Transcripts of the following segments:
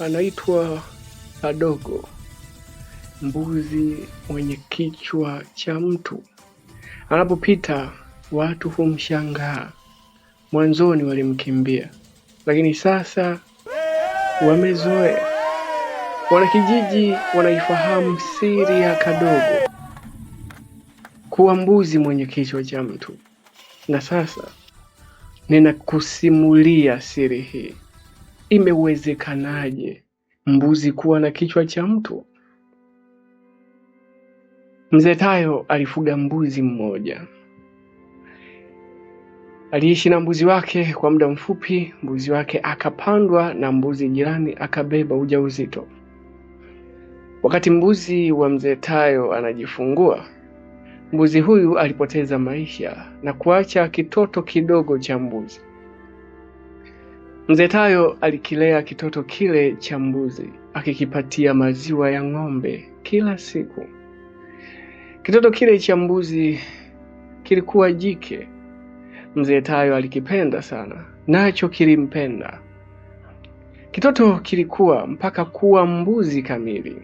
anaitwa Kadogo, mbuzi mwenye kichwa cha mtu. Anapopita watu humshangaa. Mwanzoni walimkimbia, lakini sasa wamezoea. Wanakijiji wanaifahamu siri ya Kadogo kuwa mbuzi mwenye kichwa cha mtu, na sasa ninakusimulia siri hii. Imewezekanaje mbuzi kuwa na kichwa cha mtu? Mzee Tayo alifuga mbuzi mmoja. Aliishi na mbuzi wake kwa muda mfupi, mbuzi wake akapandwa na mbuzi jirani akabeba ujauzito. Wakati mbuzi wa mzee Tayo anajifungua, mbuzi huyu alipoteza maisha na kuacha kitoto kidogo cha mbuzi. Mzee Tayo alikilea kitoto kile cha mbuzi, akikipatia maziwa ya ng'ombe kila siku. Kitoto kile cha mbuzi kilikuwa jike. Mzee Tayo alikipenda sana, nacho kilimpenda. Kitoto kilikuwa mpaka kuwa mbuzi kamili.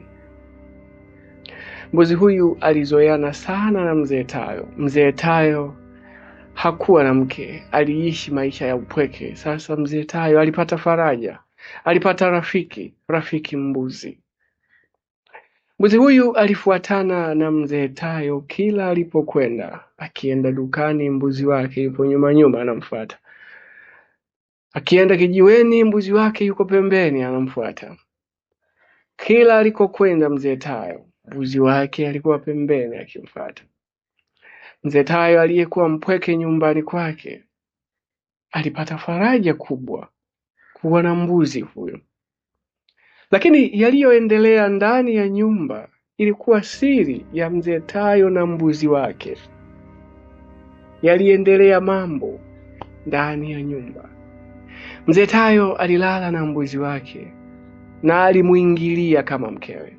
Mbuzi huyu alizoeana sana na mzee Tayo. Mzee Tayo Hakuwa na mke, aliishi maisha ya upweke. Sasa mzee Tayo alipata faraja, alipata rafiki, rafiki mbuzi. Mbuzi huyu alifuatana na mzee Tayo kila alipokwenda. Akienda dukani, mbuzi wake yupo nyuma nyuma, anamfuata. Akienda kijiweni, mbuzi wake yuko pembeni, anamfuata. Kila alikokwenda mzee Tayo, mbuzi wake alikuwa pembeni akimfuata. Tayo aliyekuwa mpweke nyumbani kwake alipata faraja kubwa kuwa na mbuzi huyo. Lakini yaliyoendelea ndani ya nyumba ilikuwa siri ya mzee Tayo na mbuzi wake. Yaliendelea mambo ndani ya nyumba. Mzee Tayo alilala na mbuzi wake na alimwingilia kama mkewe.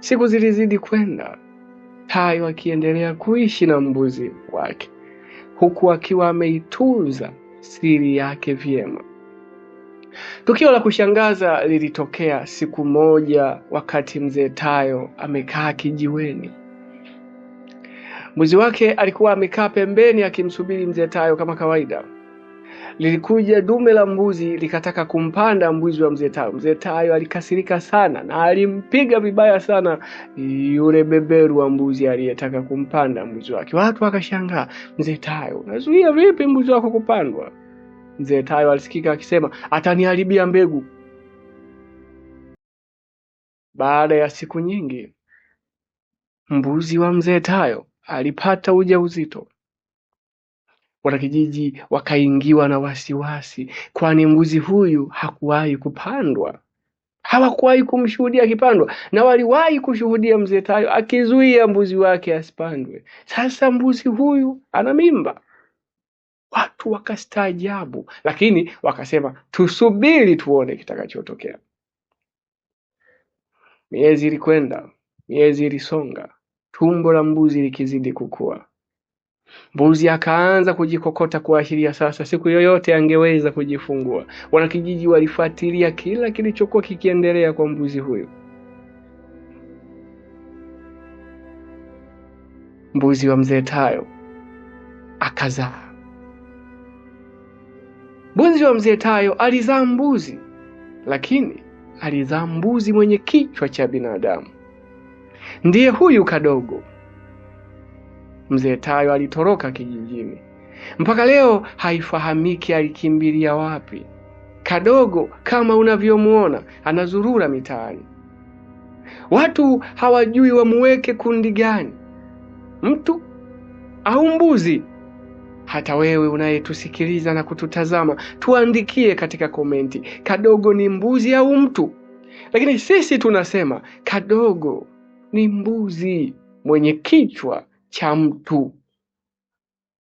Siku zilizidi kwenda, tai akiendelea kuishi na mbuzi wake, huku akiwa ameitunza siri yake vyema. Tukio la kushangaza lilitokea siku moja, wakati mzee Tayo amekaa kijiweni. Mbuzi wake alikuwa amekaa pembeni akimsubiri mzee Tayo kama kawaida lilikuja dume la mbuzi likataka kumpanda mbuzi wa mzee Tayo. Mzee Tayo alikasirika sana na alimpiga vibaya sana yule beberu wa mbuzi aliyetaka kumpanda mbuzi wake. Watu wakashangaa, mzee Tayo, unazuia vipi mbuzi wako kupandwa? Mzee Tayo alisikika akisema, ataniharibia mbegu. Baada ya siku nyingi, mbuzi wa mzee Tayo alipata ujauzito. Wanakijiji wakaingiwa na wasiwasi, kwani mbuzi huyu hakuwahi kupandwa, hawakuwahi kumshuhudia akipandwa, na waliwahi kushuhudia mzee Tayo akizuia mbuzi wake asipandwe. Sasa mbuzi huyu ana mimba. Watu wakastaajabu, lakini wakasema tusubiri tuone kitakachotokea. Miezi ilikwenda, miezi ilisonga, tumbo la mbuzi likizidi kukua. Mbuzi akaanza kujikokota kuashiria sasa siku yoyote angeweza kujifungua. Wanakijiji walifuatilia kila kilichokuwa kikiendelea kwa mbuzi huyo. Mbuzi wa mzee Tayo akazaa. Mbuzi wa mzee Tayo alizaa mbuzi, lakini alizaa mbuzi mwenye kichwa cha binadamu, ndiye huyu kadogo. Mzee Tayo alitoroka kijijini. Mpaka leo haifahamiki alikimbilia wapi. Kadogo kama unavyomuona anazurura mitaani. Watu hawajui wamuweke kundi gani, mtu au mbuzi. Hata wewe unayetusikiliza na kututazama, tuandikie katika komenti, Kadogo ni mbuzi au mtu? Lakini sisi tunasema Kadogo ni mbuzi mwenye kichwa 强度。